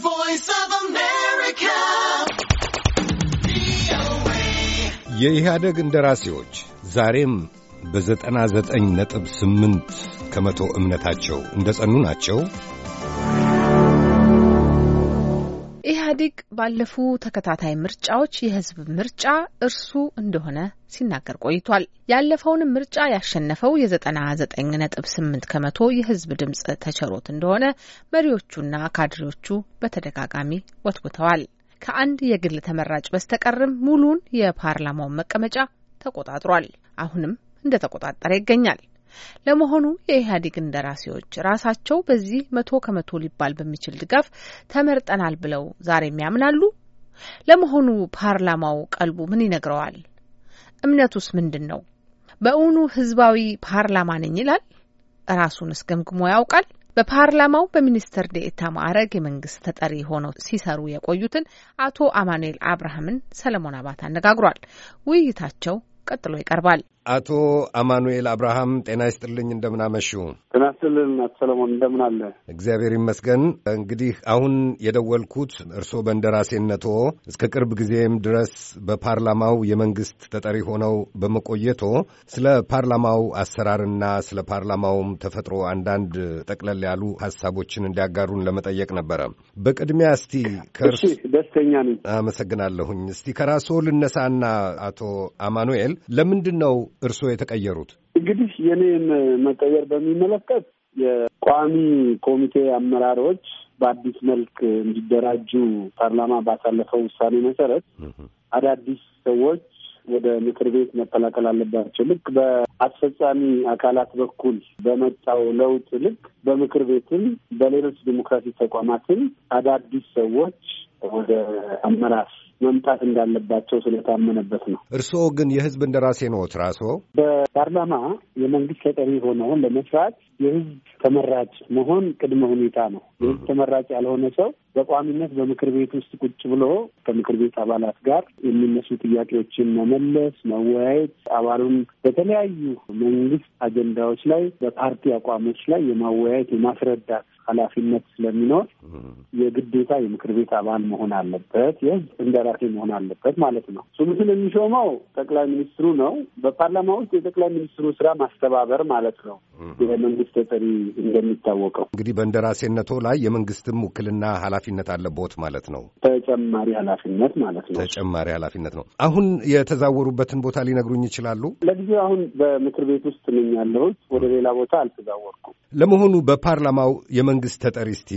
Voice of America. የኢህአደግ እንደራሴዎች ዛሬም በዘጠና ዘጠኝ ነጥብ ስምንት ከመቶ እምነታቸው እንደ ጸኑ ናቸው። ኢህአዴግ ባለፉ ተከታታይ ምርጫዎች የህዝብ ምርጫ እርሱ እንደሆነ ሲናገር ቆይቷል። ያለፈውንም ምርጫ ያሸነፈው የ ዘጠኝ ነጥብ ስምንት ከመቶ የህዝብ ድምፅ ተቸሮት እንደሆነ መሪዎቹና ካድሬዎቹ በተደጋጋሚ ወትውተዋል። ከአንድ የግል ተመራጭ በስተቀርም ሙሉን የፓርላማውን መቀመጫ ተቆጣጥሯል። አሁንም እንደተቆጣጠረ ይገኛል። ለመሆኑ የኢህአዴግ እንደራሴዎች ራሳቸው በዚህ መቶ ከመቶ ሊባል በሚችል ድጋፍ ተመርጠናል ብለው ዛሬም ያምናሉ? ለመሆኑ ፓርላማው ቀልቡ ምን ይነግረዋል? እምነቱስ ምንድን ነው? በእውኑ ህዝባዊ ፓርላማ ነኝ ይላል? ራሱንስ ገምግሞ ያውቃል? በፓርላማው በሚኒስትር ዴኤታ ማዕረግ የመንግስት ተጠሪ ሆነው ሲሰሩ የቆዩትን አቶ አማኑኤል አብርሃምን ሰለሞን አባት አነጋግሯል። ውይይታቸው ቀጥሎ ይቀርባል። አቶ አማኑኤል አብርሃም ጤና ይስጥልኝ፣ እንደምናመሹ። ጤና ይስጥልን አቶ ሰለሞን፣ እንደምን አለ? እግዚአብሔር ይመስገን። እንግዲህ አሁን የደወልኩት እርስዎ በእንደራሴነቶ እስከ ቅርብ ጊዜም ድረስ በፓርላማው የመንግስት ተጠሪ ሆነው በመቆየቶ ስለ ፓርላማው አሰራርና ስለ ፓርላማውም ተፈጥሮ አንዳንድ ጠቅለል ያሉ ሀሳቦችን እንዲያጋሩን ለመጠየቅ ነበረ። በቅድሚያ እስቲ ከእርስ ደስተኛ ነኝ። አመሰግናለሁኝ። እስቲ ከራስዎ ልነሳና አቶ አማኑኤል ለምንድን ነው እርስዎ የተቀየሩት? እንግዲህ የኔን መቀየር በሚመለከት የቋሚ ኮሚቴ አመራሮች በአዲስ መልክ እንዲደራጁ ፓርላማ ባሳለፈው ውሳኔ መሰረት አዳዲስ ሰዎች ወደ ምክር ቤት መቀላቀል አለባቸው። ልክ በአስፈጻሚ አካላት በኩል በመጣው ለውጥ ልክ በምክር ቤትም በሌሎች ዲሞክራሲ ተቋማትም አዳዲስ ሰዎች ወደ አመራር መምጣት እንዳለባቸው ስለታመነበት ነው። እርስዎ ግን የህዝብ እንደራሴ ነዎት። ራስዎ በፓርላማ የመንግስት ተጠሪ ሆነውን ለመስራት የህዝብ ተመራጭ መሆን ቅድመ ሁኔታ ነው። የህዝብ ተመራጭ ያልሆነ ሰው በቋሚነት በምክር ቤት ውስጥ ቁጭ ብሎ ከምክር ቤት አባላት ጋር የሚነሱ ጥያቄዎችን መመለስ፣ መወያየት፣ አባሉን በተለያዩ መንግስት አጀንዳዎች ላይ በፓርቲ አቋሞች ላይ የማወያየት የማስረዳት ኃላፊነት ስለሚኖር የግዴታ የምክር ቤት አባል መሆን አለበት፣ የህዝብ እንደራሴ መሆን አለበት ማለት ነው። ሹምሽን የሚሾመው ጠቅላይ ሚኒስትሩ ነው። በፓርላማ ውስጥ የጠቅላይ ሚኒስትሩ ስራ ማስተባበር ማለት ነው። የመንግስት ተጠሪ እንደሚታወቀው እንግዲህ በእንደራሴነቶ ላይ የመንግስትም ውክልና ኃላፊነት አለቦት ማለት ነው። ተጨማሪ ኃላፊነት ማለት ነው። ተጨማሪ ኃላፊነት ነው። አሁን የተዛወሩበትን ቦታ ሊነግሩኝ ይችላሉ? ለጊዜው አሁን በምክር ቤት ውስጥ ነኝ ያለሁት። ወደ ሌላ ቦታ አልተዛወርኩም። ለመሆኑ በፓርላማው የመ መንግሥት ተጠሪ እስቲ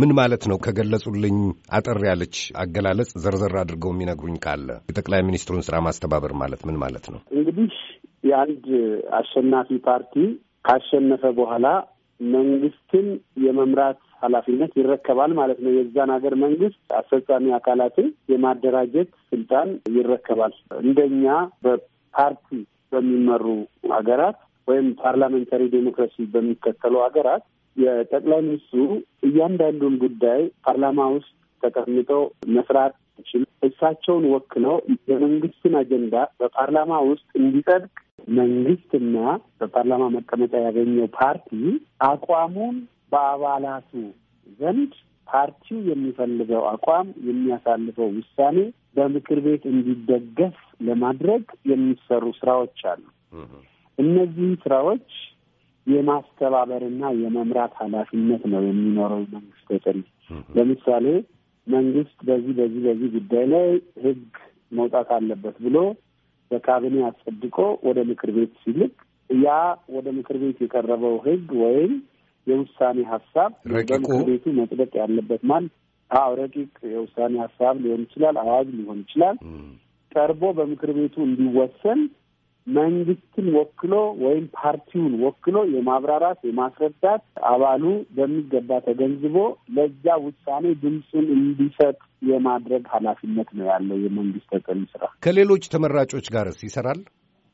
ምን ማለት ነው ከገለጹልኝ አጠር ያለች አገላለጽ ዘርዘር አድርገው የሚነግሩኝ ካለ የጠቅላይ ሚኒስትሩን ስራ ማስተባበር ማለት ምን ማለት ነው? እንግዲህ የአንድ አሸናፊ ፓርቲ ካሸነፈ በኋላ መንግስትን የመምራት ኃላፊነት ይረከባል ማለት ነው። የዛን ሀገር መንግስት አስፈጻሚ አካላትን የማደራጀት ስልጣን ይረከባል። እንደኛ በፓርቲ በሚመሩ ሀገራት ወይም ፓርላሜንታሪ ዴሞክራሲ በሚከተሉ ሀገራት የጠቅላይ ሚኒስትሩ እያንዳንዱን ጉዳይ ፓርላማ ውስጥ ተቀምጠው መስራት ችል እሳቸውን ወክለው የመንግስትን አጀንዳ በፓርላማ ውስጥ እንዲጸድቅ መንግስትና በፓርላማ መቀመጫ ያገኘው ፓርቲ አቋሙን በአባላቱ ዘንድ ፓርቲው የሚፈልገው አቋም የሚያሳልፈው ውሳኔ በምክር ቤት እንዲደገፍ ለማድረግ የሚሰሩ ስራዎች አሉ። እነዚህ ስራዎች የማስተባበርና የመምራት ኃላፊነት ነው የሚኖረው መንግስት ወጥሪ ለምሳሌ መንግስት በዚህ በዚህ በዚህ ጉዳይ ላይ ህግ መውጣት አለበት ብሎ በካቢኔ አጸድቆ ወደ ምክር ቤት ሲልክ ያ ወደ ምክር ቤት የቀረበው ህግ ወይም የውሳኔ ሀሳብ በምክር ቤቱ መጽደቅ ያለበት ማን? አዎ፣ ረቂቅ የውሳኔ ሀሳብ ሊሆን ይችላል፣ አዋጅ ሊሆን ይችላል። ቀርቦ በምክር ቤቱ እንዲወሰን መንግስትን ወክሎ ወይም ፓርቲውን ወክሎ የማብራራት የማስረዳት አባሉ በሚገባ ተገንዝቦ ለዛ ውሳኔ ድምፁን እንዲሰጥ የማድረግ ኃላፊነት ነው ያለው የመንግስት ተጠሪ ስራ። ከሌሎች ተመራጮች ጋርስ ይሰራል?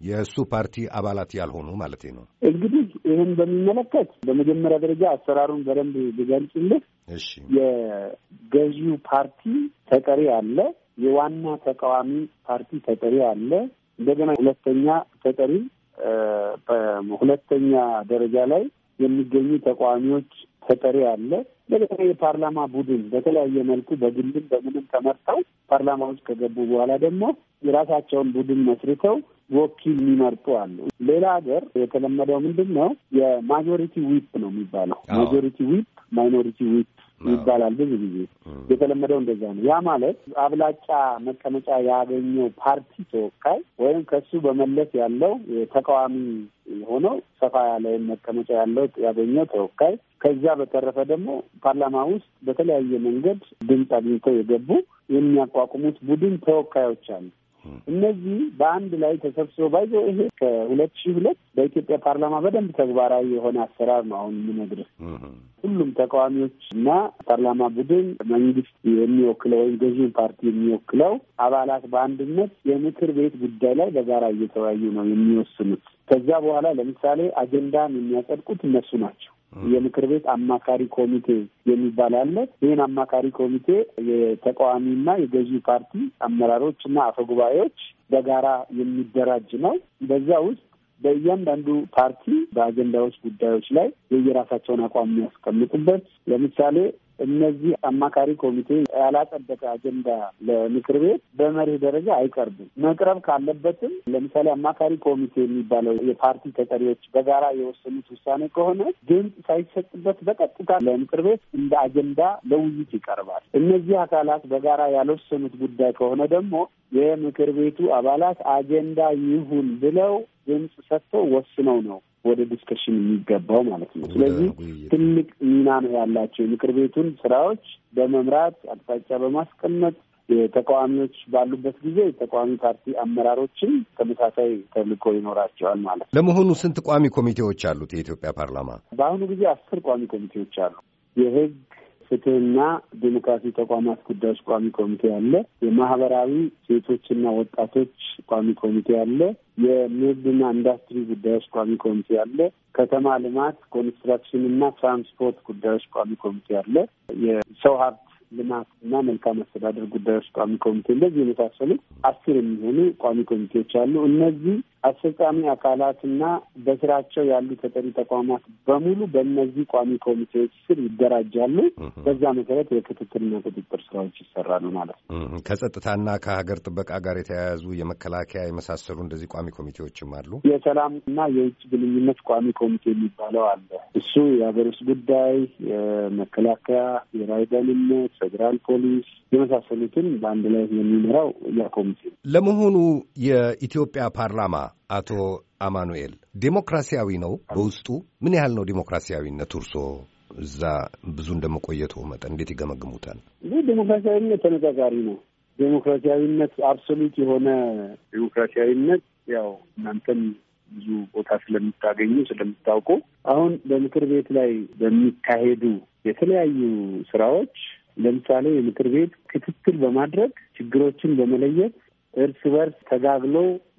የእሱ ፓርቲ አባላት ያልሆኑ ማለት ነው። እንግዲህ ይህን በሚመለከት በመጀመሪያ ደረጃ አሰራሩን በደንብ ብገልጽልህ፣ እሺ የገዢው ፓርቲ ተጠሪ አለ፣ የዋና ተቃዋሚ ፓርቲ ተጠሪ አለ፣ እንደገና ሁለተኛ ተጠሪ ሁለተኛ ደረጃ ላይ የሚገኙ ተቃዋሚዎች ተጠሪ አለ። እንደገና የፓርላማ ቡድን በተለያየ መልኩ በግልም በምንም ተመርተው ፓርላማ ውስጥ ከገቡ በኋላ ደግሞ የራሳቸውን ቡድን መስርተው ወኪል የሚመርጡ አሉ። ሌላ ሀገር የተለመደው ምንድን ነው? የማጆሪቲ ዊፕ ነው የሚባለው። ማጆሪቲ ዊፕ፣ ማይኖሪቲ ዊፕ ይባላል። ብዙ ጊዜ የተለመደው እንደዛ ነው። ያ ማለት አብላጫ መቀመጫ ያገኘው ፓርቲ ተወካይ ወይም ከሱ በመለስ ያለው ተቃዋሚ የሆነው ሰፋ ያለ መቀመጫ ያለው ያገኘው ተወካይ ከዛ በተረፈ ደግሞ ፓርላማ ውስጥ በተለያየ መንገድ ድምፅ አግኝተው የገቡ የሚያቋቁሙት ቡድን ተወካዮች አሉ። እነዚህ በአንድ ላይ ተሰብስበው ባይዞ ይሄ ከሁለት ሺህ ሁለት በኢትዮጵያ ፓርላማ በደንብ ተግባራዊ የሆነ አሰራር ነው። አሁን የምነግርህ ሁሉም ተቃዋሚዎች እና ፓርላማ ቡድን መንግስት የሚወክለው ወይም ገዢውን ፓርቲ የሚወክለው አባላት በአንድነት የምክር ቤት ጉዳይ ላይ በጋራ እየተወያዩ ነው የሚወስኑት። ከዛ በኋላ ለምሳሌ አጀንዳን የሚያጸድቁት እነሱ ናቸው። የምክር ቤት አማካሪ ኮሚቴ የሚባል አለ። ይህን አማካሪ ኮሚቴ የተቃዋሚና የገዢ ፓርቲ አመራሮች እና አፈጉባኤዎች በጋራ የሚደራጅ ነው። በዛ ውስጥ በእያንዳንዱ ፓርቲ በአጀንዳዎች ጉዳዮች ላይ የየራሳቸውን አቋም የሚያስቀምጡበት ለምሳሌ እነዚህ አማካሪ ኮሚቴ ያላጸደቀ አጀንዳ ለምክር ቤት በመርህ ደረጃ አይቀርብም። መቅረብ ካለበትም ለምሳሌ አማካሪ ኮሚቴ የሚባለው የፓርቲ ተጠሪዎች በጋራ የወሰኑት ውሳኔ ከሆነ ድምፅ ሳይሰጥበት በቀጥታ ለምክር ቤት እንደ አጀንዳ ለውይይት ይቀርባል። እነዚህ አካላት በጋራ ያልወሰኑት ጉዳይ ከሆነ ደግሞ የምክር ቤቱ አባላት አጀንዳ ይሁን ብለው ድምፅ ሰጥቶ ወስነው ነው ወደ ዲስከሽን የሚገባው ማለት ነው። ስለዚህ ትልቅ ሚና ነው ያላቸው የምክር ቤቱን ስራዎች በመምራት አቅጣጫ በማስቀመጥ የተቃዋሚዎች ባሉበት ጊዜ የተቃዋሚ ፓርቲ አመራሮችን ተመሳሳይ ተልእኮ ይኖራቸዋል ማለት ነው። ለመሆኑ ስንት ቋሚ ኮሚቴዎች አሉት የኢትዮጵያ ፓርላማ? በአሁኑ ጊዜ አስር ቋሚ ኮሚቴዎች አሉ። የህግ ፍትህና ዴሞክራሲ ተቋማት ጉዳዮች ቋሚ ኮሚቴ አለ። የማህበራዊ ሴቶችና ወጣቶች ቋሚ ኮሚቴ አለ። የንግድና ኢንዱስትሪ ጉዳዮች ቋሚ ኮሚቴ አለ። ከተማ ልማት ኮንስትራክሽን እና ትራንስፖርት ጉዳዮች ቋሚ ኮሚቴ አለ። የሰው ሀብት ልማት እና መልካም አስተዳደር ጉዳዮች ቋሚ ኮሚቴ እንደዚህ የመሳሰሉ አስር የሚሆኑ ቋሚ ኮሚቴዎች አሉ። እነዚህ አስፈጻሚ አካላትና በስራቸው ያሉ ተጠሪ ተቋማት በሙሉ በእነዚህ ቋሚ ኮሚቴዎች ስር ይደራጃሉ። በዛ መሰረት የክትትልና ቁጥጥር ስራዎች ይሰራሉ ማለት ነው። ከጸጥታና ከሀገር ጥበቃ ጋር የተያያዙ የመከላከያ የመሳሰሉ እንደዚህ ቋሚ ኮሚቴዎችም አሉ። የሰላም እና የውጭ ግንኙነት ቋሚ ኮሚቴ የሚባለው አለ። እሱ የሀገር ውስጥ ጉዳይ፣ የመከላከያ፣ የራይ ደህንነት፣ ፌዴራል ፖሊስ የመሳሰሉትን በአንድ ላይ የሚመራው ያ ኮሚቴ ለመሆኑ የኢትዮጵያ ፓርላማ አቶ አማኑኤል ዴሞክራሲያዊ ነው በውስጡ? ምን ያህል ነው ዴሞክራሲያዊነት እርሶ እዛ ብዙ እንደመቆየቱ መጠን እንዴት ይገመግሙታል? ይህ ዴሞክራሲያዊነት ተነጻጻሪ ነው። ዴሞክራሲያዊነት አብሶሉት የሆነ ዴሞክራሲያዊነት ያው እናንተም ብዙ ቦታ ስለምታገኙ ስለምታውቁ አሁን በምክር ቤት ላይ በሚካሄዱ የተለያዩ ስራዎች ለምሳሌ የምክር ቤት ክትትል በማድረግ ችግሮችን በመለየት እርስ በርስ ተጋግሎ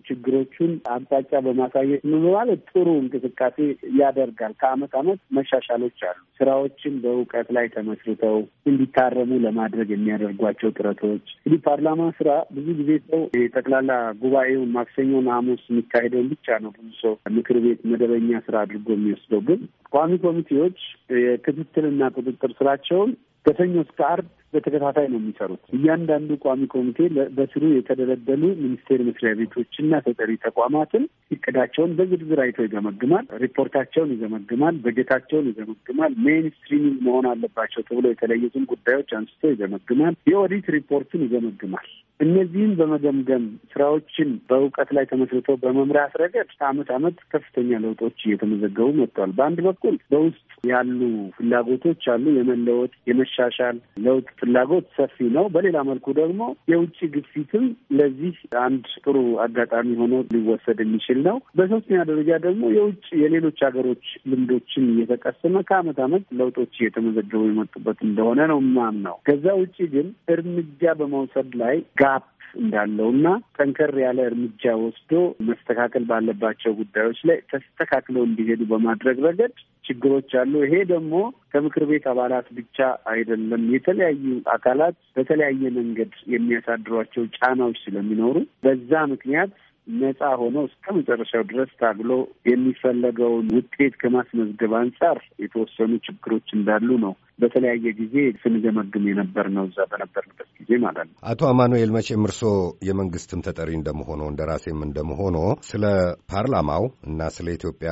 ችግሮቹን አቅጣጫ በማሳየት ምን በማለት ጥሩ እንቅስቃሴ ያደርጋል። ከአመት አመት መሻሻሎች አሉ። ስራዎችን በእውቀት ላይ ተመስርተው እንዲታረሙ ለማድረግ የሚያደርጓቸው ጥረቶች እንግዲህ ፓርላማ ስራ ብዙ ጊዜ ሰው የጠቅላላ ጉባኤውን ማክሰኞን ሐሙስ የሚካሄደውን ብቻ ነው ብዙ ሰው ምክር ቤት መደበኛ ስራ አድርጎ የሚወስደው። ግን ቋሚ ኮሚቴዎች የክትትልና ቁጥጥር ስራቸውን ከሰኞ እስከ አርብ በተከታታይ ነው የሚሰሩት። እያንዳንዱ ቋሚ ኮሚቴ በስሩ የተደለደሉ ሚኒስቴር መስሪያ ቤቶችና ተጠሪ ተቋማትን እቅዳቸውን በዝርዝር አይቶ ይገመግማል። ሪፖርታቸውን ይገመግማል። በጀታቸውን ይገመግማል። ሜን ስትሪሚንግ መሆን አለባቸው ተብሎ የተለዩትን ጉዳዮች አንስቶ ይገመግማል። የኦዲት ሪፖርትን ይገመግማል። እነዚህም በመገምገም ስራዎችን በእውቀት ላይ ተመስርቶ በመምራት ረገድ አመት አመት ከፍተኛ ለውጦች እየተመዘገቡ መጥተዋል። በአንድ በኩል በውስጥ ያሉ ፍላጎቶች አሉ። የመለወጥ የመሻሻል ለውጥ ፍላጎት ሰፊ ነው። በሌላ መልኩ ደግሞ የውጭ ግፊትም ለዚህ አንድ ጥሩ አጋጣሚ ሆኖ ሊወሰድ የሚችል ነው። ነው። በሶስተኛ ደረጃ ደግሞ የውጭ የሌሎች ሀገሮች ልምዶችን እየተቀሰመ ከአመት አመት ለውጦች እየተመዘገቡ የመጡበት እንደሆነ ነው የማምነው። ከዛ ውጭ ግን እርምጃ በመውሰድ ላይ ጋፕ እንዳለው እና ጠንከር ያለ እርምጃ ወስዶ መስተካከል ባለባቸው ጉዳዮች ላይ ተስተካክለው እንዲሄዱ በማድረግ ረገድ ችግሮች አሉ። ይሄ ደግሞ ከምክር ቤት አባላት ብቻ አይደለም። የተለያዩ አካላት በተለያየ መንገድ የሚያሳድሯቸው ጫናዎች ስለሚኖሩ በዛ ምክንያት ነፃ ሆኖ እስከ መጨረሻው ድረስ ታግሎ የሚፈለገውን ውጤት ከማስመዝገብ አንጻር የተወሰኑ ችግሮች እንዳሉ ነው በተለያየ ጊዜ ስንገመግም የነበር ነው እዛ በነበርንበት ጊዜ ማለት ነው። አቶ አማኑኤል መቼም እርሶ የመንግስትም ተጠሪ እንደመሆኖ እንደ ራሴም እንደመሆኖ ስለ ፓርላማው እና ስለ ኢትዮጵያ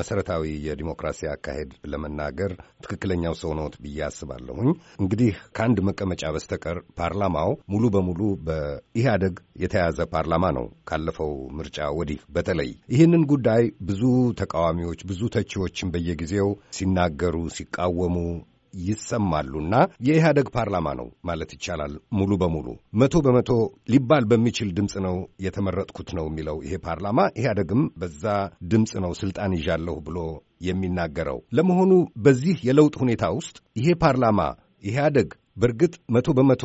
መሰረታዊ የዲሞክራሲ አካሄድ ለመናገር ትክክለኛው ሰው ነዎት ብዬ አስባለሁኝ። እንግዲህ ከአንድ መቀመጫ በስተቀር ፓርላማው ሙሉ በሙሉ በኢህአደግ የተያዘ ፓርላማ ነው ካለፈው ምርጫ ወዲህ በተለይ ይህንን ጉዳይ ብዙ ተቃዋሚዎች ብዙ ተቺዎችን በየጊዜው ሲናገሩ ሲቃወሙ ይሰማሉና የኢህአደግ ፓርላማ ነው ማለት ይቻላል። ሙሉ በሙሉ መቶ በመቶ ሊባል በሚችል ድምፅ ነው የተመረጥኩት ነው የሚለው ይሄ ፓርላማ። ኢህአደግም በዛ ድምፅ ነው ስልጣን ይዣለሁ ብሎ የሚናገረው። ለመሆኑ በዚህ የለውጥ ሁኔታ ውስጥ ይሄ ፓርላማ ኢህአደግ በእርግጥ መቶ በመቶ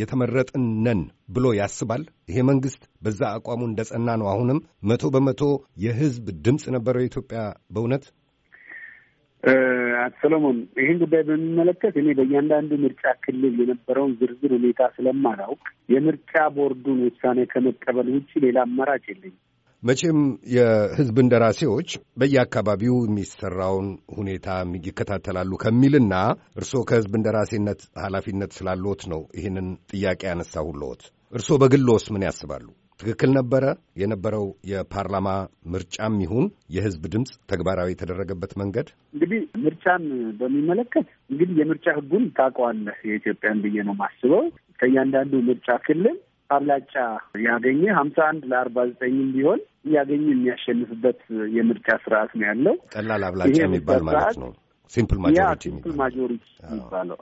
የተመረጥን ነን ብሎ ያስባል? ይሄ መንግስት በዛ አቋሙ እንደጸና ነው አሁንም መቶ በመቶ የህዝብ ድምፅ ነበረው የኢትዮጵያ በእውነት አቶ ሰለሞን ይህን ጉዳይ በሚመለከት እኔ በእያንዳንዱ ምርጫ ክልል የነበረውን ዝርዝር ሁኔታ ስለማላውቅ የምርጫ ቦርዱን ውሳኔ ከመቀበል ውጭ ሌላ አማራጭ የለኝም። መቼም የህዝብ እንደራሴዎች በየአካባቢው የሚሰራውን ሁኔታ ይከታተላሉ ከሚልና እርስዎ ከህዝብ እንደራሴነት ኃላፊነት ስላለዎት ነው ይህንን ጥያቄ ያነሳሁልዎት። እርስዎ በግሎስ ምን ያስባሉ? ትክክል ነበረ? የነበረው የፓርላማ ምርጫም ይሁን የህዝብ ድምፅ ተግባራዊ የተደረገበት መንገድ እንግዲህ ምርጫን በሚመለከት እንግዲህ የምርጫ ህጉን ታውቀዋለህ የኢትዮጵያን ብዬ ነው ማስበው ከእያንዳንዱ ምርጫ ክልል አብላጫ ያገኘ ሀምሳ አንድ ለአርባ ዘጠኝም ቢሆን እያገኘ የሚያሸንፍበት የምርጫ ስርዓት ነው ያለው። ቀላል አብላጫ የሚባል ማለት ነው። ሲምፕል ማጆሪቲ ሲምፕል ማጆሪቲ የሚባለው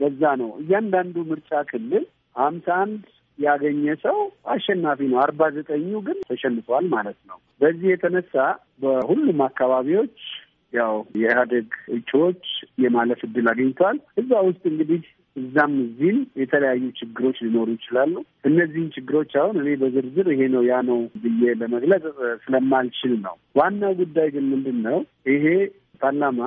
በዛ ነው። እያንዳንዱ ምርጫ ክልል ሀምሳ አንድ ያገኘ ሰው አሸናፊ ነው። አርባ ዘጠኙ ግን ተሸንፏል ማለት ነው። በዚህ የተነሳ በሁሉም አካባቢዎች ያው የኢህአዴግ እጩዎች የማለፍ እድል አግኝተዋል። እዛ ውስጥ እንግዲህ እዛም እዚህም የተለያዩ ችግሮች ሊኖሩ ይችላሉ። እነዚህን ችግሮች አሁን እኔ በዝርዝር ይሄ ነው ያ ነው ብዬ ለመግለጽ ስለማልችል ነው። ዋናው ጉዳይ ግን ምንድን ነው? ይሄ ፓርላማ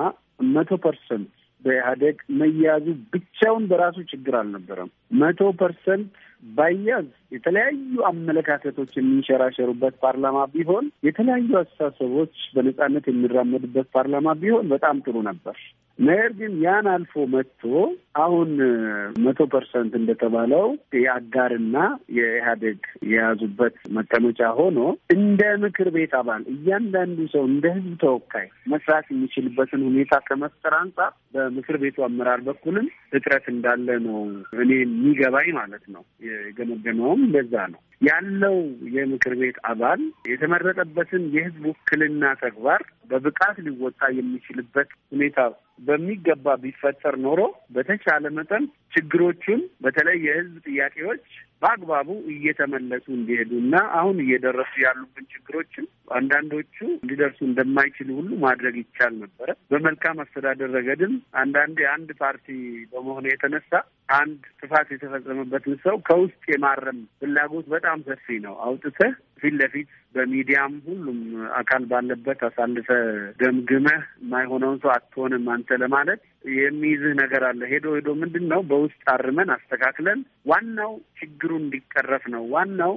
መቶ ፐርሰንት በኢህአዴግ መያዙ ብቻውን በራሱ ችግር አልነበረም። መቶ ፐርሰንት ባያዝ የተለያዩ አመለካከቶች የሚንሸራሸሩበት ፓርላማ ቢሆን፣ የተለያዩ አስተሳሰቦች በነጻነት የሚራመዱበት ፓርላማ ቢሆን በጣም ጥሩ ነበር። ነገር ግን ያን አልፎ መጥቶ አሁን መቶ ፐርሰንት እንደተባለው የአጋርና የኢህአዴግ የያዙበት መቀመጫ ሆኖ እንደ ምክር ቤት አባል እያንዳንዱ ሰው እንደ ህዝብ ተወካይ መስራት የሚችልበትን ሁኔታ ከመፍጠር አንጻር በምክር ቤቱ አመራር በኩልም እጥረት እንዳለ ነው እኔ የሚገባኝ ማለት ነው። የገመገመውም እንደዛ ነው። ያለው የምክር ቤት አባል የተመረጠበትን የህዝብ ውክልና ተግባር በብቃት ሊወጣ የሚችልበት ሁኔታ በሚገባ ቢፈጠር ኖሮ በተቻለ መጠን ችግሮቹን በተለይ የህዝብ ጥያቄዎች በአግባቡ እየተመለሱ እንዲሄዱ እና አሁን እየደረሱ ያሉብን ችግሮችን አንዳንዶቹ እንዲደርሱ እንደማይችሉ ሁሉ ማድረግ ይቻል ነበረ። በመልካም አስተዳደር ረገድም አንዳንድ አንድ ፓርቲ በመሆኑ የተነሳ አንድ ጥፋት የተፈጸመበትን ሰው ከውስጥ የማረም ፍላጎት በጣም ሰፊ ነው። አውጥተህ ፊት ለፊት በሚዲያም ሁሉም አካል ባለበት አሳልፈህ ገምግመህ የማይሆነውን ሰው አትሆንም አንተ ለማለት የሚይዝህ ነገር አለ። ሄዶ ሄዶ ምንድን ነው በውስጥ አርመን አስተካክለን ዋናው ችግሩ እንዲቀረፍ ነው ዋናው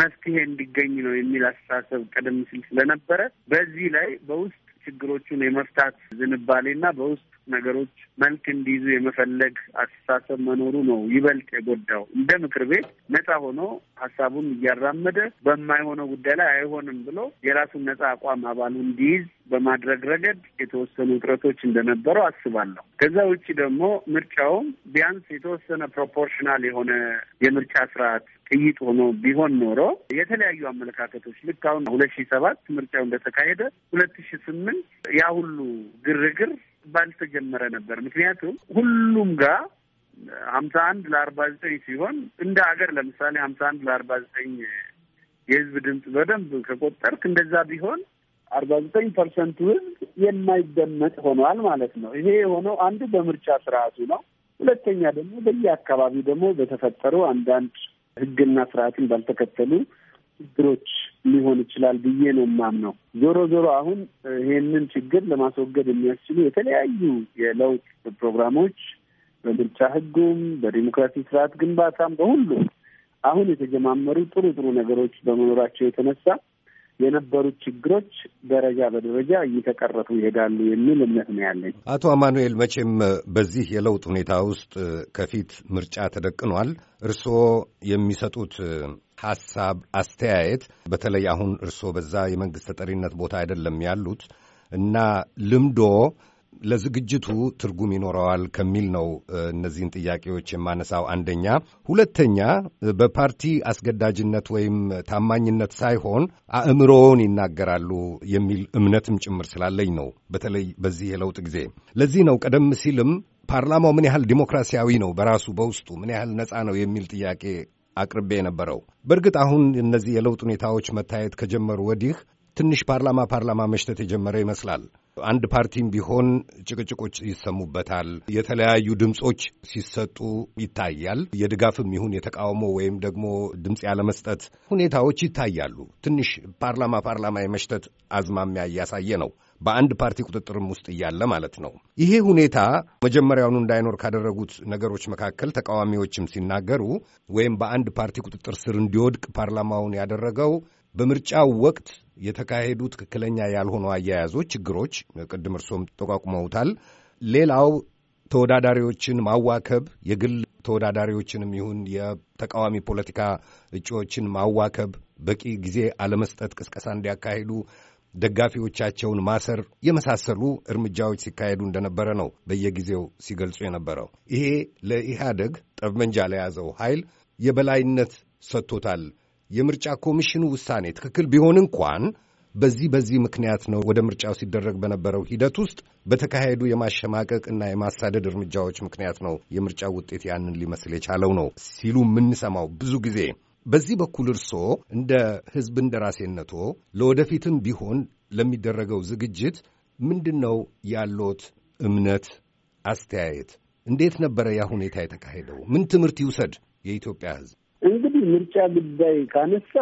መፍትሄ እንዲገኝ ነው የሚል አስተሳሰብ ቀደም ሲል ስለነበረ በዚህ ላይ በውስጥ ችግሮቹን የመፍታት ዝንባሌና በውስጥ ነገሮች መልክ እንዲይዙ የመፈለግ አስተሳሰብ መኖሩ ነው ይበልጥ የጎዳው። እንደ ምክር ቤት ነፃ ሆኖ ሀሳቡን እያራመደ በማይሆነው ጉዳይ ላይ አይሆንም ብሎ የራሱን ነፃ አቋም አባሉ እንዲይዝ በማድረግ ረገድ የተወሰኑ ውጥረቶች እንደነበሩ አስባለሁ። ከዛ ውጭ ደግሞ ምርጫውም ቢያንስ የተወሰነ ፕሮፖርሽናል የሆነ የምርጫ ስርዓት ቅይጥ ሆኖ ቢሆን ኖሮ የተለያዩ አመለካከቶች ልክ አሁን ሁለት ሺ ሰባት ምርጫው እንደተካሄደ ሁለት ሺ ስምንት ያ ሁሉ ግርግር ባልተጀመረ ነበር። ምክንያቱም ሁሉም ጋር ሀምሳ አንድ ለአርባ ዘጠኝ ሲሆን እንደ ሀገር ለምሳሌ ሀምሳ አንድ ለአርባ ዘጠኝ የህዝብ ድምፅ በደንብ ከቆጠርክ እንደዛ ቢሆን አርባ ዘጠኝ ፐርሰንቱ ህዝብ የማይደመጥ ሆኗል ማለት ነው። ይሄ የሆነው አንዱ በምርጫ ስርዓቱ ነው። ሁለተኛ ደግሞ በየአካባቢው ደግሞ በተፈጠሩ አንዳንድ ህግና ስርዓትን ባልተከተሉ ችግሮች ሊሆን ይችላል ብዬ ነው የማምነው። ዞሮ ዞሮ አሁን ይሄንን ችግር ለማስወገድ የሚያስችሉ የተለያዩ የለውጥ ፕሮግራሞች በምርጫ ህጉም፣ በዲሞክራሲ ስርዓት ግንባታም በሁሉም አሁን የተጀማመሩ ጥሩ ጥሩ ነገሮች በመኖራቸው የተነሳ የነበሩት ችግሮች ደረጃ በደረጃ እየተቀረፉ ይሄዳሉ የሚል እምነት ነው ያለኝ። አቶ አማኑኤል፣ መቼም በዚህ የለውጥ ሁኔታ ውስጥ ከፊት ምርጫ ተደቅኗል። እርስዎ የሚሰጡት ሀሳብ፣ አስተያየት በተለይ አሁን እርስዎ በዛ የመንግስት ተጠሪነት ቦታ አይደለም ያሉት እና ልምዶ ለዝግጅቱ ትርጉም ይኖረዋል ከሚል ነው እነዚህን ጥያቄዎች የማነሳው። አንደኛ። ሁለተኛ በፓርቲ አስገዳጅነት ወይም ታማኝነት ሳይሆን አእምሮውን ይናገራሉ የሚል እምነትም ጭምር ስላለኝ ነው። በተለይ በዚህ የለውጥ ጊዜ ለዚህ ነው ቀደም ሲልም ፓርላማው ምን ያህል ዲሞክራሲያዊ ነው በራሱ በውስጡ ምን ያህል ነፃ ነው የሚል ጥያቄ አቅርቤ የነበረው። በእርግጥ አሁን እነዚህ የለውጥ ሁኔታዎች መታየት ከጀመሩ ወዲህ ትንሽ ፓርላማ ፓርላማ መሽተት የጀመረ ይመስላል። አንድ ፓርቲም ቢሆን ጭቅጭቆች ይሰሙበታል። የተለያዩ ድምፆች ሲሰጡ ይታያል። የድጋፍም ይሁን የተቃውሞ ወይም ደግሞ ድምፅ ያለመስጠት ሁኔታዎች ይታያሉ። ትንሽ ፓርላማ ፓርላማ የመሽተት አዝማሚያ እያሳየ ነው፣ በአንድ ፓርቲ ቁጥጥርም ውስጥ እያለ ማለት ነው። ይሄ ሁኔታ መጀመሪያውኑ እንዳይኖር ካደረጉት ነገሮች መካከል ተቃዋሚዎችም ሲናገሩ ወይም በአንድ ፓርቲ ቁጥጥር ስር እንዲወድቅ ፓርላማውን ያደረገው በምርጫው ወቅት የተካሄዱ ትክክለኛ ያልሆኑ አያያዞች፣ ችግሮች ቅድም እርሶም ጠቋቁመውታል። ሌላው ተወዳዳሪዎችን ማዋከብ የግል ተወዳዳሪዎችንም ይሁን የተቃዋሚ ፖለቲካ እጩዎችን ማዋከብ፣ በቂ ጊዜ አለመስጠት፣ ቅስቀሳ እንዲያካሂዱ ደጋፊዎቻቸውን ማሰር የመሳሰሉ እርምጃዎች ሲካሄዱ እንደነበረ ነው በየጊዜው ሲገልጹ የነበረው። ይሄ ለኢህአደግ ጠብመንጃ ለያዘው ኃይል የበላይነት ሰጥቶታል የምርጫ ኮሚሽኑ ውሳኔ ትክክል ቢሆን እንኳን በዚህ በዚህ ምክንያት ነው ወደ ምርጫው ሲደረግ በነበረው ሂደት ውስጥ በተካሄዱ የማሸማቀቅ እና የማሳደድ እርምጃዎች ምክንያት ነው የምርጫው ውጤት ያንን ሊመስል የቻለው ነው ሲሉ የምንሰማው ብዙ ጊዜ። በዚህ በኩል እርስዎ እንደ ሕዝብ እንደራሴነቶ ለወደፊትም ቢሆን ለሚደረገው ዝግጅት ምንድን ነው ያሎት እምነት፣ አስተያየት? እንዴት ነበረ ያ ሁኔታ የተካሄደው? ምን ትምህርት ይውሰድ የኢትዮጵያ ሕዝብ? ምርጫ ጉዳይ ካነሳ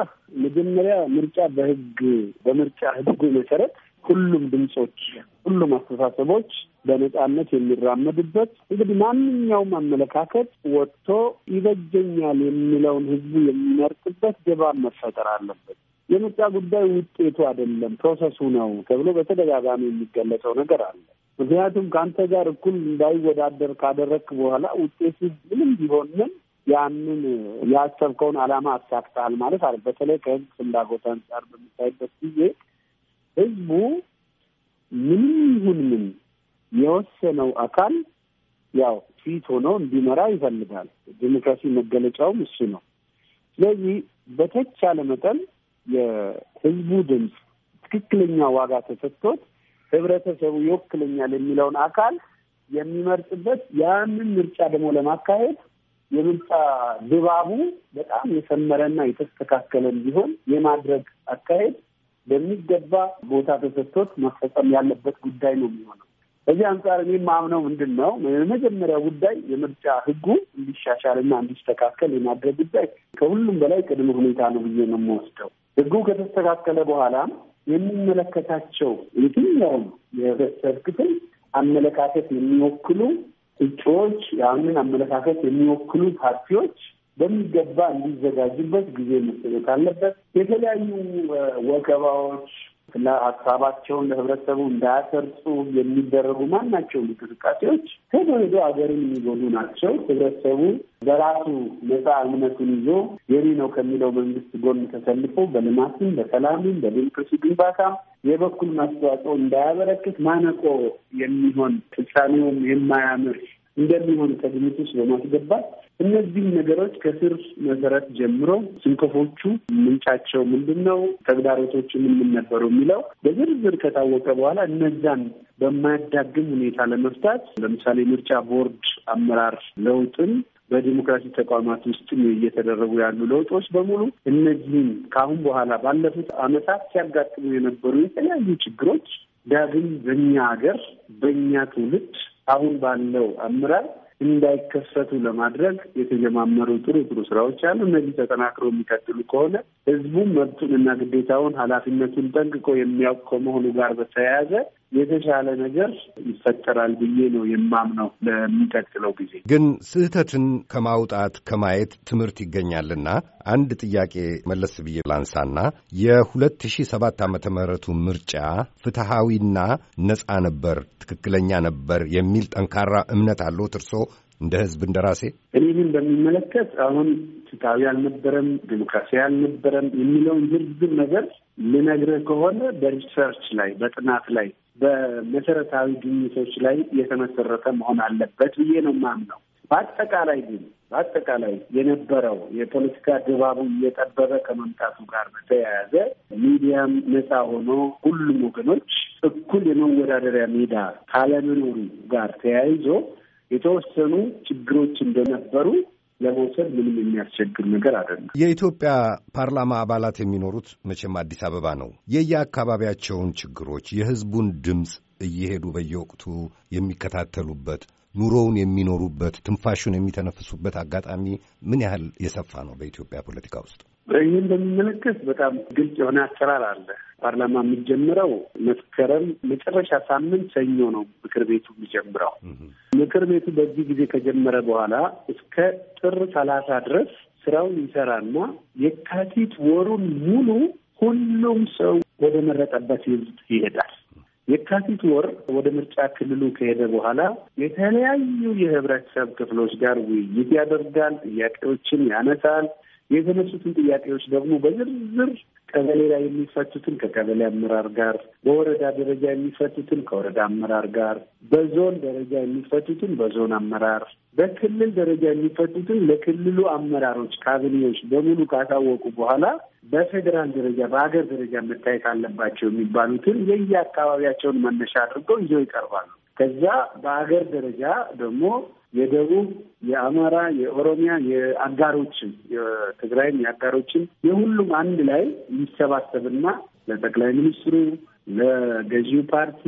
መጀመሪያ ምርጫ በህግ በምርጫ ህጉ መሰረት ሁሉም ድምፆች፣ ሁሉም አስተሳሰቦች በነጻነት የሚራመዱበት እንግዲህ ማንኛውም አመለካከት ወጥቶ ይበጀኛል የሚለውን ህዝቡ የሚመርጥበት ገባን መፈጠር አለበት። የምርጫ ጉዳይ ውጤቱ አይደለም ፕሮሰሱ ነው ተብሎ በተደጋጋሚ የሚገለጸው ነገር አለ። ምክንያቱም ከአንተ ጋር እኩል እንዳይወዳደር ካደረግክ በኋላ ውጤቱ ምንም ቢሆን ምን ያንን ያሰብከውን ዓላማ አሳክተሃል ማለት አለ። በተለይ ከህዝብ ፍላጎት አንጻር በሚታይበት ጊዜ ህዝቡ ምንም ይሁን ምን የወሰነው አካል ያው ፊት ሆኖ እንዲመራ ይፈልጋል። ዲሞክራሲ መገለጫውም እሱ ነው። ስለዚህ በተቻለ መጠን የህዝቡ ድምፅ ትክክለኛ ዋጋ ተሰጥቶት ህብረተሰቡ ይወክለኛል የሚለውን አካል የሚመርጥበት ያንን ምርጫ ደግሞ ለማካሄድ የምርጫ ድባቡ በጣም የሰመረና የተስተካከለ እንዲሆን የማድረግ አካሄድ በሚገባ ቦታ ተሰጥቶት መፈጸም ያለበት ጉዳይ ነው የሚሆነው። በዚህ አንጻር እኔ የማምነው ምንድን ነው የመጀመሪያ ጉዳይ የምርጫ ሕጉ እንዲሻሻልና እንዲስተካከል የማድረግ ጉዳይ ከሁሉም በላይ ቅድመ ሁኔታ ነው ብዬ ነው የምወስደው። ሕጉ ከተስተካከለ በኋላ የሚመለከታቸው የትኛውም የህብረተሰብ ክፍል አመለካከት የሚወክሉ እጩዎች ያንን አመለካከት የሚወክሉ ፓርቲዎች በሚገባ እንዲዘጋጁበት ጊዜ መሰጠት አለበት። የተለያዩ ወከባዎች እና ሀሳባቸውን ለህብረተሰቡ እንዳያሰርጹ የሚደረጉ ማናቸውም እንቅስቃሴዎች ሄዶ ሄዶ ሀገርን የሚጎዱ ናቸው። ህብረተሰቡ በራሱ ነፃ እምነቱን ይዞ የኔ ነው ከሚለው መንግስት ጎን ተሰልፎ በልማትም በሰላምም በዲሞክራሲ ግንባታም የበኩል ማስተዋጽኦ እንዳያበረክት ማነቆ የሚሆን ፍጻሜውም የማያምር እንደሚሆን ከግምት ውስጥ በማስገባት እነዚህ ነገሮች ከስር መሰረት ጀምሮ ስንከፎቹ ምንጫቸው ምንድን ነው፣ ተግዳሮቶቹ ምን ምን ነበሩ የሚለው በዝርዝር ከታወቀ በኋላ እነዛን በማያዳግም ሁኔታ ለመፍታት ለምሳሌ ምርጫ ቦርድ አመራር ለውጥን በዲሞክራሲ ተቋማት ውስጥ እየተደረጉ ያሉ ለውጦች በሙሉ እነዚህም ከአሁን በኋላ ባለፉት ዓመታት ሲያጋጥሙ የነበሩ የተለያዩ ችግሮች ዳግም በእኛ ሀገር በእኛ ትውልድ አሁን ባለው አመራር እንዳይከሰቱ ለማድረግ የተጀማመሩ ጥሩ ጥሩ ስራዎች አሉ። እነዚህ ተጠናክሮ የሚቀጥሉ ከሆነ ህዝቡም መብቱን እና ግዴታውን ኃላፊነቱን ጠንቅቆ የሚያውቅ ከመሆኑ ጋር በተያያዘ የተሻለ ነገር ይፈጠራል ብዬ ነው የማምነው። ለሚቀጥለው ጊዜ ግን ስህተትን ከማውጣት ከማየት ትምህርት ይገኛልና አንድ ጥያቄ መለስ ብዬ ላንሳና የሁለት ሺህ ሰባት ዓመተ ምህረቱ ምርጫ ፍትሐዊና ነጻ ነበር፣ ትክክለኛ ነበር የሚል ጠንካራ እምነት አለዎት እርሶ እንደ ህዝብ እንደራሴ እኔህን በሚመለከት አሁን ፍትሐዊ አልነበረም፣ ዴሞክራሲያዊ አልነበረም የሚለውን ዝርዝር ነገር ልነግርህ ከሆነ በሪሰርች ላይ በጥናት ላይ በመሰረታዊ ግኝቶች ላይ የተመሰረተ መሆን አለበት ብዬ ነው የማምነው። በአጠቃላይ ግን በአጠቃላይ የነበረው የፖለቲካ ድባቡ እየጠበበ ከመምጣቱ ጋር በተያያዘ ሚዲያም ነፃ ሆኖ ሁሉም ወገኖች እኩል የመወዳደሪያ ሜዳ ካለመኖሩ ጋር ተያይዞ የተወሰኑ ችግሮች እንደነበሩ ለመውሰድ ምንም የሚያስቸግር ነገር አይደለም። የኢትዮጵያ ፓርላማ አባላት የሚኖሩት መቼም አዲስ አበባ ነው። የየአካባቢያቸውን ችግሮች የህዝቡን ድምፅ እየሄዱ በየወቅቱ የሚከታተሉበት ኑሮውን የሚኖሩበት ትንፋሹን የሚተነፍሱበት አጋጣሚ ምን ያህል የሰፋ ነው? በኢትዮጵያ ፖለቲካ ውስጥ ይህን በሚመለከት በጣም ግልጽ የሆነ አሰራር አለ። ፓርላማ የሚጀምረው መስከረም መጨረሻ ሳምንት ሰኞ ነው ምክር ቤቱ የሚጀምረው። ምክር ቤቱ በዚህ ጊዜ ከጀመረ በኋላ እስከ ጥር ሰላሳ ድረስ ስራውን ይሰራና የካቲት ወሩን ሙሉ ሁሉም ሰው ወደ መረጠበት ህዝብ ይሄዳል። የካቲት ወር ወደ ምርጫ ክልሉ ከሄደ በኋላ የተለያዩ የህብረተሰብ ክፍሎች ጋር ውይይት ያደርጋል። ጥያቄዎችን ያነሳል። የተነሱትን ጥያቄዎች ደግሞ በዝርዝር ቀበሌ ላይ የሚፈቱትን ከቀበሌ አመራር ጋር፣ በወረዳ ደረጃ የሚፈቱትን ከወረዳ አመራር ጋር፣ በዞን ደረጃ የሚፈቱትን በዞን አመራር፣ በክልል ደረጃ የሚፈቱትን ለክልሉ አመራሮች ካቢኔዎች በሙሉ ካሳወቁ በኋላ በፌዴራል ደረጃ በሀገር ደረጃ መታየት አለባቸው የሚባሉትን የየአካባቢያቸውን መነሻ አድርገው ይዘው ይቀርባሉ። ከዛ በሀገር ደረጃ ደግሞ የደቡብ፣ የአማራ፣ የኦሮሚያ የአጋሮችን የትግራይም የአጋሮችን የሁሉም አንድ ላይ ይሰባሰብና ለጠቅላይ ሚኒስትሩ ለገዢው ፓርቲ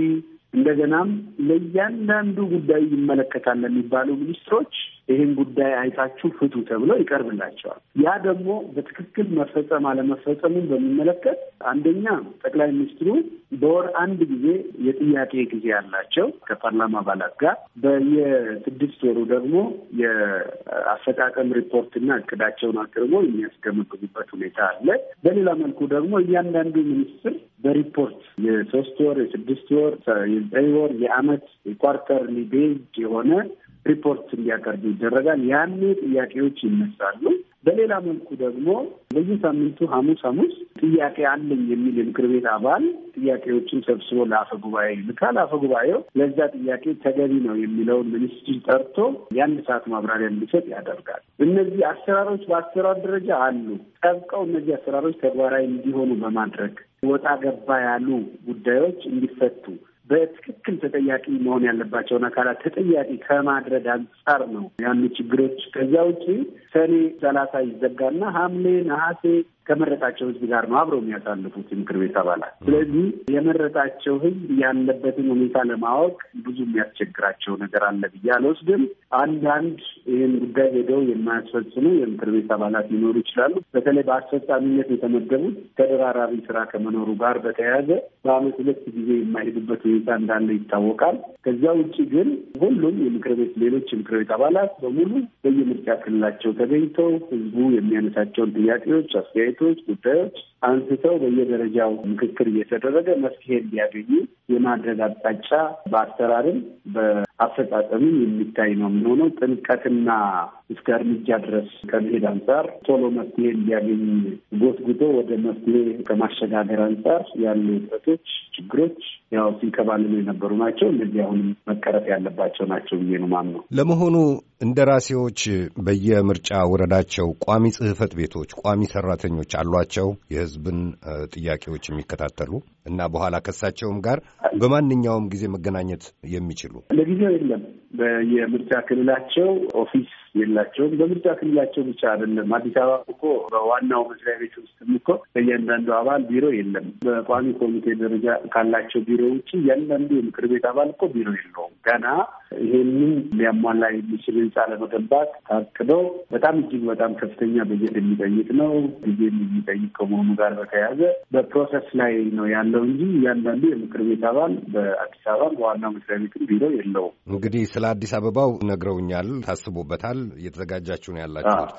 እንደገናም ለእያንዳንዱ ጉዳይ ይመለከታል ለሚባሉ ሚኒስትሮች ይህን ጉዳይ አይታችሁ ፍቱ ተብሎ ይቀርብላቸዋል። ያ ደግሞ በትክክል መፈጸም አለመፈጸሙን በሚመለከት አንደኛ ጠቅላይ ሚኒስትሩ በወር አንድ ጊዜ የጥያቄ ጊዜ አላቸው ከፓርላማ አባላት ጋር በየስድስት ወሩ ደግሞ የአፈቃቀም ሪፖርትና እቅዳቸውን አቅርቦ የሚያስገመግቡበት ሁኔታ አለ። በሌላ መልኩ ደግሞ እያንዳንዱ ሚኒስትር በሪፖርት የሶስት ወር፣ የስድስት ወር፣ የዘጠኝ ወር፣ የአመት የኳርተር ቤዝድ የሆነ ሪፖርት እንዲያቀርቡ ይደረጋል። ያኔ ጥያቄዎች ይነሳሉ። በሌላ መልኩ ደግሞ ሳምንቱ ሐሙስ ሐሙስ ጥያቄ አለኝ የሚል የምክር ቤት አባል ጥያቄዎችን ሰብስቦ ለአፈ ጉባኤ ይልካል። አፈ ጉባኤው ለዛ ጥያቄ ተገቢ ነው የሚለውን ሚኒስትር ጠርቶ የአንድ ሰዓት ማብራሪያ እንዲሰጥ ያደርጋል። እነዚህ አሰራሮች በአሰራር ደረጃ አሉ። ጠብቀው እነዚህ አሰራሮች ተግባራዊ እንዲሆኑ በማድረግ ወጣ ገባ ያሉ ጉዳዮች እንዲፈቱ በትክክል ተጠያቂ መሆን ያለባቸውን አካላት ተጠያቂ ከማድረግ አንጻር ነው ያሉ ችግሮች። ከዚያ ውጪ ሰኔ ሰላሳ ይዘጋና ሐምሌ ነሐሴ ከመረጣቸው ህዝብ ጋር ነው አብረው የሚያሳልፉት የምክር ቤት አባላት። ስለዚህ የመረጣቸው ህዝብ ያለበትን ሁኔታ ለማወቅ ብዙ የሚያስቸግራቸው ነገር አለ ብዬ አልወስድም። አንዳንድ ይህን ጉዳይ ሄደው የማያስፈጽሙ የምክር ቤት አባላት ሊኖሩ ይችላሉ። በተለይ በአስፈጻሚነት የተመደቡት ተደራራቢ ስራ ከመኖሩ ጋር በተያያዘ በአመት ሁለት ጊዜ የማይሄዱበት ሁኔታ እንዳለ ይታወቃል። ከዚያ ውጭ ግን ሁሉም የምክር ቤት ሌሎች የምክር ቤት አባላት በሙሉ በየምርጫ ክልላቸው ተገኝተው ህዝቡ የሚያነሳቸውን ጥያቄዎች አስተያየ ቤቶች ጉዳዮች አንስተው በየደረጃው ምክክር እየተደረገ መፍትሄ እንዲያገኙ የማድረግ አቅጣጫ በአሰራርም በአፈጻጸምም የሚታይ ነው የሚሆነው። ጥንቀትና። እስከ እርምጃ ድረስ ከመሄድ አንጻር ቶሎ መፍትሄ እንዲያገኝ ጎትጉቶ ወደ መፍትሄ ከማሸጋገር አንጻር ያሉ እጥረቶች፣ ችግሮች ያው ሲንከባለሉ የነበሩ ናቸው። እነዚህ አሁንም መቀረፍ ያለባቸው ናቸው ብዬ ነው ማምነው። ለመሆኑ እንደራሴዎች በየምርጫ ወረዳቸው ቋሚ ጽህፈት ቤቶች፣ ቋሚ ሰራተኞች አሏቸው የህዝብን ጥያቄዎች የሚከታተሉ እና በኋላ ከሳቸውም ጋር በማንኛውም ጊዜ መገናኘት የሚችሉ ለጊዜው የለም። የምርጫ ክልላቸው ኦፊስ የላቸውም። በምርጫ ክልላቸው ብቻ አይደለም። አዲስ አበባ እኮ በዋናው መስሪያ ቤት ውስጥም እኮ በእያንዳንዱ አባል ቢሮ የለም። በቋሚ ኮሚቴ ደረጃ ካላቸው ቢሮ ውጭ እያንዳንዱ የምክር ቤት አባል እኮ ቢሮ የለውም። ገና ይሄንን ሊያሟላ የሚችል ህንፃ ለመገንባት ታቅደው በጣም እጅግ በጣም ከፍተኛ በጀት የሚጠይቅ ነው። ጊዜም የሚጠይቅ ከመሆኑ ጋር በተያያዘ በፕሮሰስ ላይ ነው ያለው እንጂ እያንዳንዱ የምክር ቤት አባል በአዲስ አበባ በዋናው መስሪያ ቤትም ቢሮ የለውም። እንግዲህ ስለ አዲስ አበባው ነግረውኛል። ታስቦበታል እየተዘጋጃችሁ ነው ያላችሁት።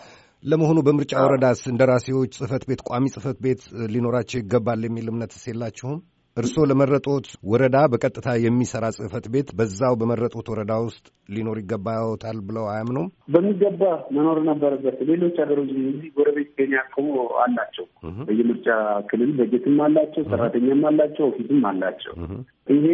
ለመሆኑ በምርጫ ወረዳስ እንደራሴዎች ጽህፈት ቤት ቋሚ ጽህፈት ቤት ሊኖራቸው ይገባል የሚል እምነትስ የላችሁም? እርስዎ ለመረጦት ወረዳ በቀጥታ የሚሰራ ጽህፈት ቤት በዛው በመረጦት ወረዳ ውስጥ ሊኖር ይገባታል ብለው አያምኑም? በሚገባ መኖር ነበረበት። ሌሎች ሀገሮች እንግዲህ ጎረቤት ኬንያ እኮ አላቸው። በየምርጫ ክልል በጀትም አላቸው፣ ሰራተኛም አላቸው፣ ኦፊስም አላቸው። ይሄ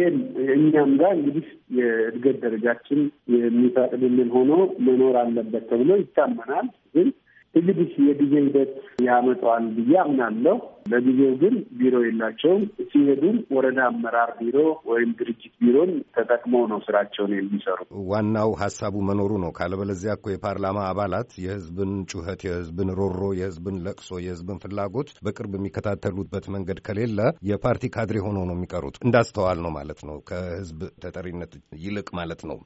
እኛም ጋር እንግዲህ የእድገት ደረጃችን የሚፈቅድልን ሆኖ መኖር አለበት ተብሎ ይታመናል። ግን እንግዲህ የጊዜ ሂደት ያመጣዋል ብዬ አምናለሁ። ለጊዜው ግን ቢሮ የላቸውም። ሲሄዱም ወረዳ አመራር ቢሮ ወይም ድርጅት ቢሮን ተጠቅመው ነው ስራቸውን የሚሰሩ። ዋናው ሀሳቡ መኖሩ ነው። ካለበለዚያ እኮ የፓርላማ አባላት የህዝብን ጩኸት፣ የህዝብን ሮሮ፣ የህዝብን ለቅሶ፣ የህዝብን ፍላጎት በቅርብ የሚከታተሉበት መንገድ ከሌለ የፓርቲ ካድሬ ሆነው ነው የሚቀሩት። እንዳስተዋል ነው ማለት ነው፣ ከህዝብ ተጠሪነት ይልቅ ማለት ነው።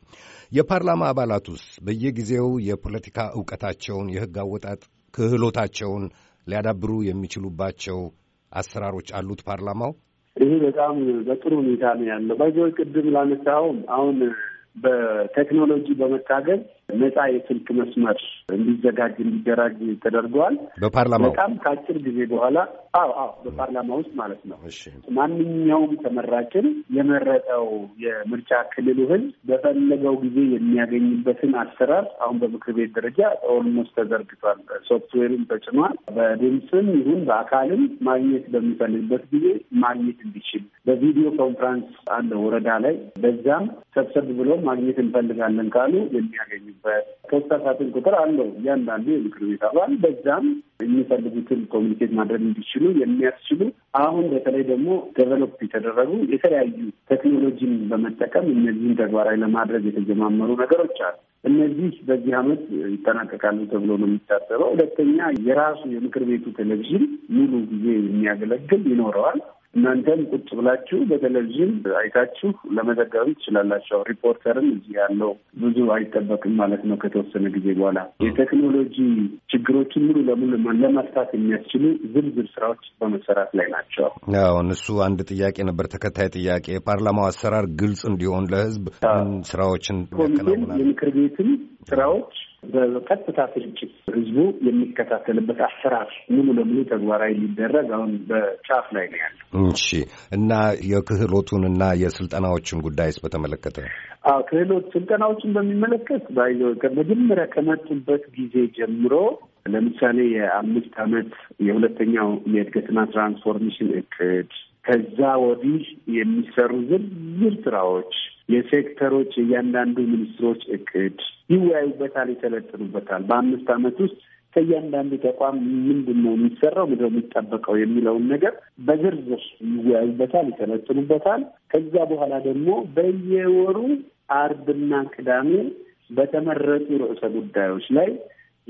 የፓርላማ አባላቱስ በየጊዜው የፖለቲካ እውቀታቸውን የህግ አወጣጥ ክህሎታቸውን ሊያዳብሩ የሚችሉባቸው አሰራሮች አሉት ፓርላማው። ይህ በጣም በጥሩ ሁኔታ ነው ያለው። ባይዘ ቅድም ላነሳውም አሁን በቴክኖሎጂ በመታገል ነጻ የስልክ መስመር እንዲዘጋጅ እንዲደራጅ ተደርገዋል። በፓርላማ በጣም ከአጭር ጊዜ በኋላ አዎ አዎ፣ በፓርላማ ውስጥ ማለት ነው። ማንኛውም ተመራጭን የመረጠው የምርጫ ክልሉ ህዝብ በፈለገው ጊዜ የሚያገኝበትን አሰራር አሁን በምክር ቤት ደረጃ ኦልሞስት ተዘርግቷል። ሶፍትዌርም ተጭኗል። በድምፅም ይሁን በአካልም ማግኘት በሚፈልግበት ጊዜ ማግኘት እንዲችል በቪዲዮ ኮንፈረንስ አለ ወረዳ ላይ በዛም ሰብሰብ ብሎ ማግኘት እንፈልጋለን ካሉ የሚያገኙ የሚያገኙበት ከተሳሳትን ቁጥር አለው እያንዳንዱ የምክር ቤት አባል በዛም የሚፈልጉትን ኮሚኒኬት ማድረግ እንዲችሉ የሚያስችሉ አሁን በተለይ ደግሞ ደቨሎፕ የተደረጉ የተለያዩ ቴክኖሎጂን በመጠቀም እነዚህን ተግባራዊ ለማድረግ የተጀማመሩ ነገሮች አሉ። እነዚህ በዚህ ዓመት ይጠናቀቃሉ ተብሎ ነው የሚታሰበው። ሁለተኛ የራሱ የምክር ቤቱ ቴሌቪዥን ሙሉ ጊዜ የሚያገለግል ይኖረዋል። እናንተም ቁጭ ብላችሁ በቴሌቪዥን አይታችሁ ለመዘጋቢ ትችላላችሁ። ሪፖርተርም እዚህ ያለው ብዙ አይጠበቅም ማለት ነው። ከተወሰነ ጊዜ በኋላ የቴክኖሎጂ ችግሮችን ሙሉ ለሙሉ ለመፍታት የሚያስችሉ ዝርዝር ስራዎች በመሰራት ላይ ናቸው። አሁን እሱ አንድ ጥያቄ ነበር፣ ተከታይ ጥያቄ። የፓርላማው አሰራር ግልጽ እንዲሆን ለህዝብ ምን ስራዎችን ያከናውናል? የምክር ቤትም ስራዎች በቀጥታ ስርጭት ህዝቡ የሚከታተልበት አሰራር ሙሉ ለሙሉ ተግባራዊ ሊደረግ አሁን በጫፍ ላይ ነው ያለው። እሺ። እና የክህሎቱን እና የስልጠናዎችን ጉዳይስ በተመለከተ? አዎ፣ ክህሎት ስልጠናዎችን በሚመለከት መጀመሪያ ከመጡበት ጊዜ ጀምሮ ለምሳሌ የአምስት ዓመት የሁለተኛው የእድገትና ትራንስፎርሜሽን እቅድ ከዛ ወዲህ የሚሰሩ ዝርዝር ስራዎች፣ የሴክተሮች እያንዳንዱ ሚኒስትሮች እቅድ ይወያዩበታል፣ ይሰለጥኑበታል። በአምስት ዓመት ውስጥ ከእያንዳንዱ ተቋም ምንድን ነው የሚሰራው፣ ምድ የሚጠበቀው የሚለውን ነገር በዝርዝር ይወያዩበታል፣ ይሰለጥኑበታል። ከዛ በኋላ ደግሞ በየወሩ አርብና ቅዳሜ በተመረጡ ርዕሰ ጉዳዮች ላይ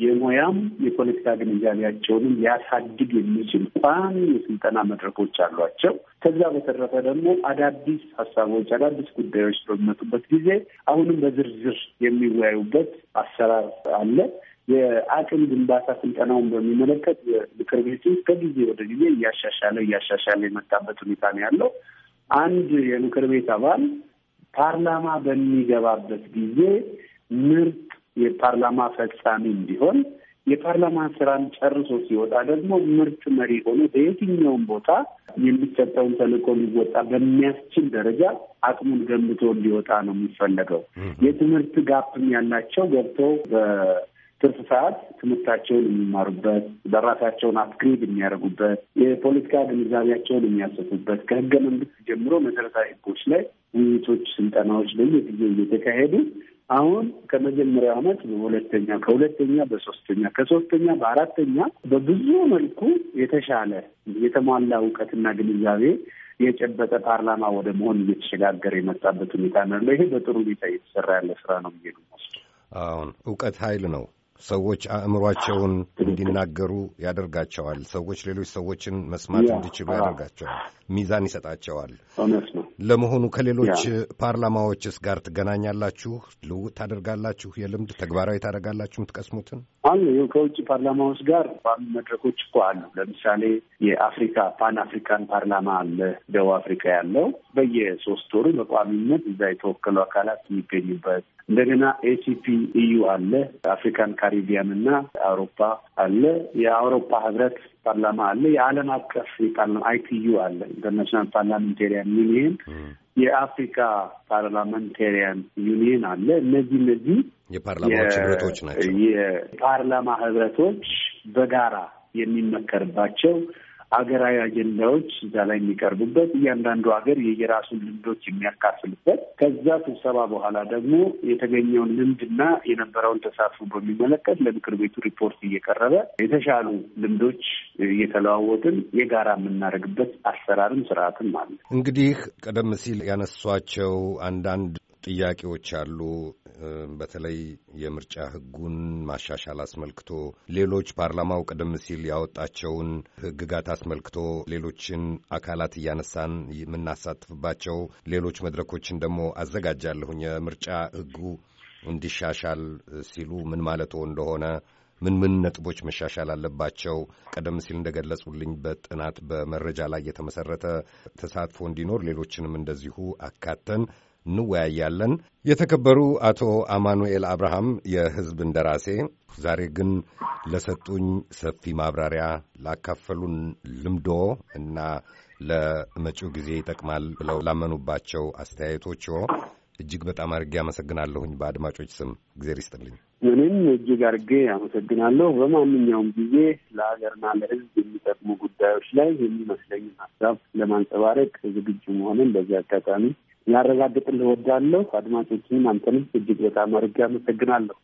የሙያም የፖለቲካ ግንዛቤያቸውንም ሊያሳድግ የሚችል ቋሚ የስልጠና መድረኮች አሏቸው። ከዛ በተረፈ ደግሞ አዳዲስ ሀሳቦች፣ አዳዲስ ጉዳዮች በሚመጡበት ጊዜ አሁንም በዝርዝር የሚወያዩበት አሰራር አለ። የአቅም ግንባታ ስልጠናውን በሚመለከት ምክር ቤቱ ከጊዜ ወደ ጊዜ እያሻሻለ እያሻሻለ የመጣበት ሁኔታ ነው ያለው። አንድ የምክር ቤት አባል ፓርላማ በሚገባበት ጊዜ ምርጥ የፓርላማ ፈጻሚ እንዲሆን የፓርላማ ስራን ጨርሶ ሲወጣ ደግሞ ምርጥ መሪ ሆኖ በየትኛውም ቦታ የሚሰጠውን ተልቆ ሊወጣ በሚያስችል ደረጃ አቅሙን ገንብቶ ሊወጣ ነው የሚፈለገው። የትምህርት ጋፕም ያላቸው ገብተው በትርፍ ሰዓት ትምህርታቸውን የሚማሩበት፣ በራሳቸውን አፕግሬድ የሚያደርጉበት፣ የፖለቲካ ግንዛቤያቸውን የሚያሰፉበት ከህገ መንግስት ጀምሮ መሰረታዊ ህጎች ላይ ውይይቶች፣ ስልጠናዎች በየጊዜው እየተካሄዱ አሁን ከመጀመሪያው አመት በሁለተኛ ከሁለተኛ በሶስተኛ ከሶስተኛ በአራተኛ በብዙ መልኩ የተሻለ የተሟላ እውቀትና ግንዛቤ የጨበጠ ፓርላማ ወደ መሆን እየተሸጋገረ የመጣበት ሁኔታ ነው። ይሄ በጥሩ ሁኔታ እየተሰራ ያለ ስራ ነው ብዬ ነው። አሁን እውቀት ኃይል ነው። ሰዎች አእምሯቸውን እንዲናገሩ ያደርጋቸዋል። ሰዎች ሌሎች ሰዎችን መስማት እንዲችሉ ያደርጋቸዋል። ሚዛን ይሰጣቸዋል። ለመሆኑ ከሌሎች ፓርላማዎችስ ጋር ትገናኛላችሁ? ልውጥ ታደርጋላችሁ? የልምድ ተግባራዊ ታደርጋላችሁ? የምትቀስሙትን አሉ። ይኸው ከውጭ ፓርላማዎች ጋር ባሉ መድረኮች እኮ አሉ። ለምሳሌ የአፍሪካ ፓን አፍሪካን ፓርላማ አለ፣ ደቡብ አፍሪካ ያለው በየሶስት ወሩ በቋሚነት እዛ የተወከሉ አካላት የሚገኙበት እንደገና ኤሲፒ ኢዩ e አለ፣ አፍሪካን ካሪቢያን እና አውሮፓ አለ፣ የአውሮፓ ህብረት ፓርላማ አለ፣ የዓለም አቀፍ ፓርላማ አይፒዩ አለ፣ ኢንተርናሽናል ፓርላሜንቴሪያን ዩኒየን፣ የአፍሪካ ፓርላሜንቴሪያን ዩኒየን አለ። እነዚህ እነዚህ የፓርላማዎች ህብረቶች ናቸው። የፓርላማ ህብረቶች በጋራ የሚመከርባቸው አገራዊ አጀንዳዎች እዛ ላይ የሚቀርቡበት እያንዳንዱ ሀገር የየራሱን ልምዶች የሚያካፍልበት ከዛ ስብሰባ በኋላ ደግሞ የተገኘውን ልምድና የነበረውን ተሳትፎ በሚመለከት ለምክር ቤቱ ሪፖርት እየቀረበ የተሻሉ ልምዶች እየተለዋወጥን የጋራ የምናደርግበት አሰራርም ስርዓትም አለ። እንግዲህ ቀደም ሲል ያነሷቸው አንዳንድ ጥያቄዎች አሉ። በተለይ የምርጫ ሕጉን ማሻሻል አስመልክቶ ሌሎች ፓርላማው ቀደም ሲል ያወጣቸውን ሕግጋት አስመልክቶ ሌሎችን አካላት እያነሳን የምናሳትፍባቸው ሌሎች መድረኮችን ደግሞ አዘጋጃለሁኝ የምርጫ ሕጉ እንዲሻሻል ሲሉ ምን ማለት እንደሆነ ምን ምን ነጥቦች መሻሻል አለባቸው? ቀደም ሲል እንደገለጹልኝ በጥናት በመረጃ ላይ የተመሰረተ ተሳትፎ እንዲኖር ሌሎችንም እንደዚሁ አካተን እንወያያለን። የተከበሩ አቶ አማኑኤል አብርሃም የሕዝብ እንደራሴ ዛሬ ግን ለሰጡኝ ሰፊ ማብራሪያ ላካፈሉን ልምዶ እና ለመጪው ጊዜ ይጠቅማል ብለው ላመኑባቸው አስተያየቶች እጅግ በጣም አድርጌ አመሰግናለሁኝ። በአድማጮች ስም እግዜር ይስጥልኝ። እኔም እጅግ አድርጌ አመሰግናለሁ። በማንኛውም ጊዜ ለሀገርና ለሕዝብ የሚጠቅሙ ጉዳዮች ላይ የሚመስለኝን ሀሳብ ለማንጸባረቅ ዝግጁ መሆንን በዚህ አጋጣሚ ላረጋግጥልህ እወዳለሁ። አድማጮችንም አንተንም እጅግ በጣም አድርጌ አመሰግናለሁ።